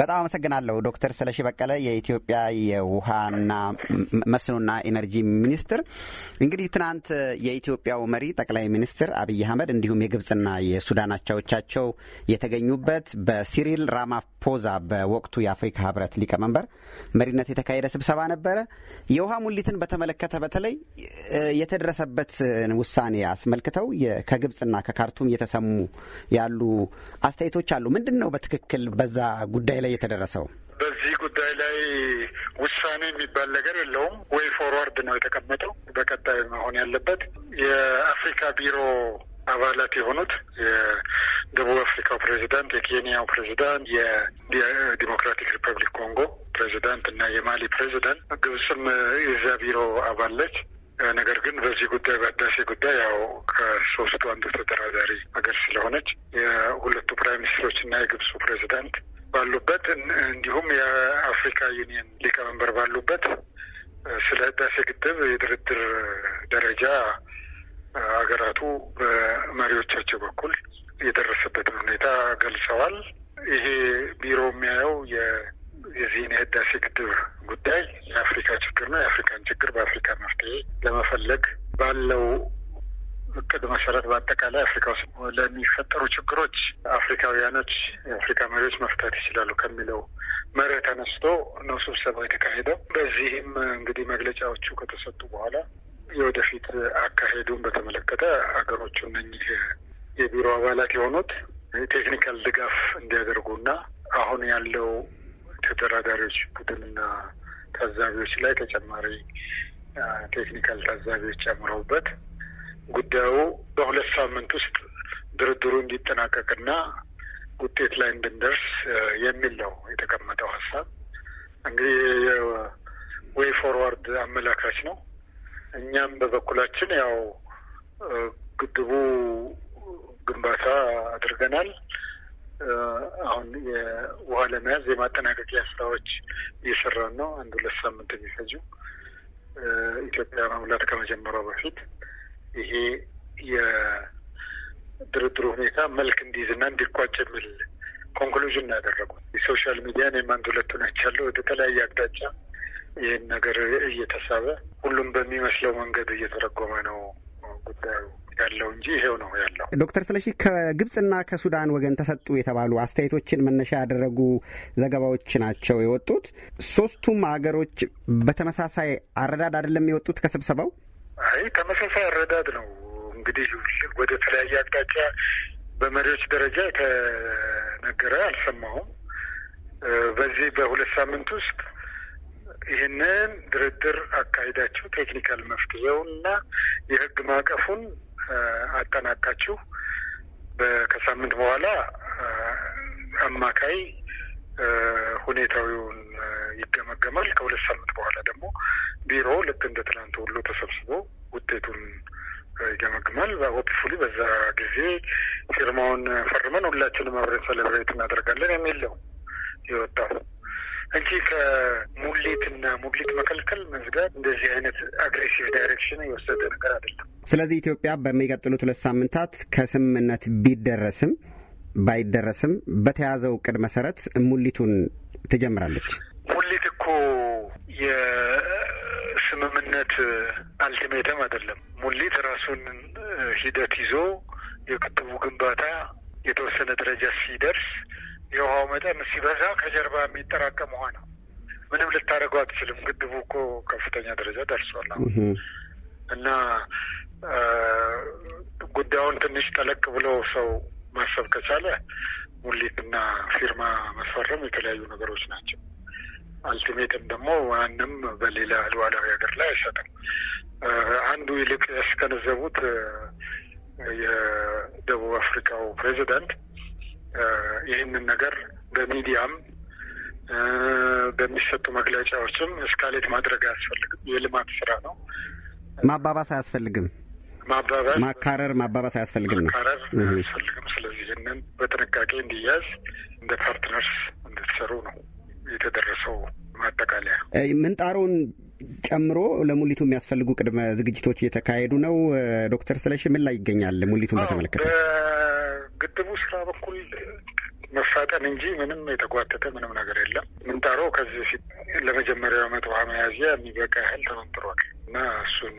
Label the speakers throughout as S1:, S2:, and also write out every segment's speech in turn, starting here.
S1: በጣም አመሰግናለሁ ዶክተር ስለሺ በቀለ የኢትዮጵያ የውሃና መስኖና ኢነርጂ ሚኒስትር። እንግዲህ ትናንት የኢትዮጵያው መሪ ጠቅላይ ሚኒስትር አብይ አህመድ እንዲሁም የግብጽና የሱዳን አቻዎቻቸው የተገኙበት በሲሪል ራማፖዛ በወቅቱ የአፍሪካ ህብረት ሊቀመንበር መሪነት የተካሄደ ስብሰባ ነበረ። የውሃ ሙሊትን በተመለከተ በተለይ የተደረሰበትን ውሳኔ አስመልክተው ከግብጽና ከካርቱም እየተሰሙ ያሉ አስተያየቶች አሉ። ምንድን ነው በትክክል በዛ ጉዳይ ላይ የተደረሰው?
S2: በዚህ ጉዳይ ላይ ውሳኔ የሚባል ነገር የለውም። ወይ ፎርዋርድ ነው የተቀመጠው። በቀጣይ መሆን ያለበት የአፍሪካ ቢሮ አባላት የሆኑት የደቡብ አፍሪካው ፕሬዚዳንት፣ የኬንያው ፕሬዚዳንት፣ የዲሞክራቲክ ሪፐብሊክ ኮንጎ ፕሬዚዳንት እና የማሊ ፕሬዚዳንት ግብጽም የዛ ቢሮ አባለች። ነገር ግን በዚህ ጉዳይ በህዳሴ ጉዳይ ያው ከሶስቱ አንዱ ተደራዳሪ ሀገር ስለሆነች የሁለቱ ፕራይም ሚኒስትሮች እና የግብፁ ፕሬዚዳንት ባሉበት እንዲሁም የአፍሪካ ዩኒየን ሊቀመንበር ባሉበት ስለ ህዳሴ ግድብ የድርድር ደረጃ ሀገራቱ በመሪዎቻቸው በኩል የደረሰበትን ሁኔታ ገልጸዋል። ይሄ ቢሮ የሚያየው የዚህን የህዳሴ ግድብ ጉዳይ የአፍሪካ ችግር ነው። የአፍሪካን ችግር በአፍሪካ መፍትሄ ለመፈለግ ባለው እቅድ መሰረት በአጠቃላይ አፍሪካ ውስጥ ለሚፈጠሩ ችግሮች አፍሪካውያኖች፣ የአፍሪካ መሪዎች መፍታት ይችላሉ ከሚለው መርህ ተነስቶ ነው ስብሰባው የተካሄደው። በዚህም እንግዲህ መግለጫዎቹ ከተሰጡ በኋላ የወደፊት አካሄዱን በተመለከተ ሀገሮቹ እነኚህ የቢሮ አባላት የሆኑት ቴክኒካል ድጋፍ እንዲያደርጉና አሁን ያለው ተደራዳሪዎች ቡድንና ታዛቢዎች ላይ ተጨማሪ ቴክኒካል ታዛቢዎች ጨምረውበት ጉዳዩ በሁለት ሳምንት ውስጥ ድርድሩ እንዲጠናቀቅና ውጤት ላይ እንድንደርስ የሚል ነው የተቀመጠው ሀሳብ። እንግዲህ የወይ ፎርዋርድ አመላካች ነው። እኛም በበኩላችን ያው ግድቡ ግንባታ አድርገናል። አሁን የውሃ ለመያዝ የማጠናቀቂያ ስራዎች እየሰራን ነው። አንድ ሁለት ሳምንት የሚፈጁ ኢትዮጵያ መሙላት ከመጀመሯ በፊት ይሄ የድርድሩ ሁኔታ መልክ እንዲይዝና እንዲቋጭ የሚል ኮንክሉዥን ነው ያደረጉት። የሶሻል ሚዲያ እኔም አንድ ሁለቱን ያለው ወደ ተለያየ አቅጣጫ ይህን ነገር እየተሳበ ሁሉም በሚመስለው መንገድ እየተረጎመ ነው ጉዳዩ ያለው እንጂ ይሄው ነው
S1: ያለው። ዶክተር ስለሺ ከግብጽና ከሱዳን ወገን ተሰጡ የተባሉ አስተያየቶችን መነሻ ያደረጉ ዘገባዎች ናቸው የወጡት። ሶስቱም ሀገሮች በተመሳሳይ አረዳድ አይደለም የወጡት ከስብሰባው
S2: አይ ተመሳሳይ አረዳድ ነው እንግዲህ ወደ ተለያየ አቅጣጫ በመሪዎች ደረጃ የተነገረ አልሰማሁም። በዚህ በሁለት ሳምንት ውስጥ ይህንን ድርድር አካሂዳችሁ ቴክኒካል እና የህግ ማዕቀፉን አጠናቃችሁ ከሳምንት በኋላ አማካይ ሁኔታዊውን ይገመገማል። ከሁለት ሳምንት በኋላ ደግሞ ቢሮ ልክ እንደ ትናንት ሁሉ ተሰብስቦ ውጤቱን ይገመግማል። ሆፕፉሊ በዛ ጊዜ ፊርማውን ፈርመን ሁላችንም አብረን ሰለብሬት እናደርጋለን የሚል ነው የወጣው እንጂ ከሙሌትና ሙሊት መከልከል፣ መዝጋት እንደዚህ አይነት አግሬሲቭ ዳይሬክሽን የወሰደ ነገር አይደለም።
S1: ስለዚህ ኢትዮጵያ በሚቀጥሉት ሁለት ሳምንታት ከስምምነት ቢደረስም ባይደረስም በተያዘው እቅድ መሰረት ሙሊቱን ትጀምራለች። ሙሊት እኮ
S2: የስምምነት አልቲሜተም አይደለም። ሙሊት ራሱን ሂደት ይዞ የግድቡ ግንባታ የተወሰነ ደረጃ ሲደርስ የውሃው መጠን ሲበዛ ከጀርባ የሚጠራቀም ውሃ ነው። ምንም ልታደርገው አትችልም። ግድቡ እኮ ከፍተኛ ደረጃ ደርሷል
S1: እና ጉዳዩን ትንሽ ጠለቅ
S2: ብሎ ሰው ማሰብ ከቻለ ሙሊትና ፊርማ መፈረም የተለያዩ ነገሮች ናቸው። አልቲሜትም ደግሞ ማንም በሌላ ሉዓላዊ ሀገር ላይ አይሰጥም። አንዱ ይልቅ ያስገነዘቡት የደቡብ አፍሪካው ፕሬዚዳንት ይህንን ነገር በሚዲያም በሚሰጡ መግለጫዎችም እስካሌት ማድረግ አያስፈልግም። የልማት ስራ ነው።
S1: ማባባስ አያስፈልግም። ማባባስ፣ ማካረር፣ ማባባስ አያስፈልግም ነው ማካረር አያስፈልግም።
S2: ስለዚህ ይህንን በጥንቃቄ እንዲያዝ እንደ ፓርትነርስ እንድትሰሩ ነው የተደረሰው
S1: ማጠቃለያ ምንጣሩን ጨምሮ ለሙሊቱ የሚያስፈልጉ ቅድመ ዝግጅቶች እየተካሄዱ ነው። ዶክተር ስለሺ ምን ላይ ይገኛል? ሙሊቱን በተመለከተ
S2: በግድቡ ስራ በኩል መፋጠን እንጂ ምንም የተጓተተ ምንም ነገር የለም። ምንጣሮ ከዚህ በፊት ለመጀመሪያው ዓመት ውሃ መያዝያ የሚበቃ ያህል ተመንጥሯል እና እሱን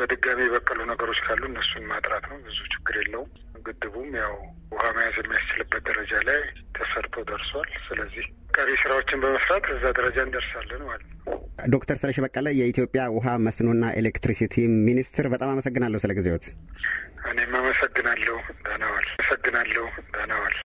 S2: በድጋሚ የበቀሉ ነገሮች ካሉ እነሱን ማጥራት ነው። ብዙ ችግር የለውም። ግድቡም ያው ውሃ መያዝ የሚያስችልበት ደረጃ ላይ ተሰርቶ
S1: ደርሷል። ስለዚህ ቀሪ ስራዎችን በመስራት እዛ ደረጃ እንደርሳለን ማለት ነው። ዶክተር ስለሺ በቀለ የኢትዮጵያ ውሃ መስኖና ኤሌክትሪሲቲ ሚኒስትር፣ በጣም አመሰግናለሁ ስለ ጊዜዎት።
S2: እኔም አመሰግናለሁ። ዳናዋል አመሰግናለሁ። ዳናዋል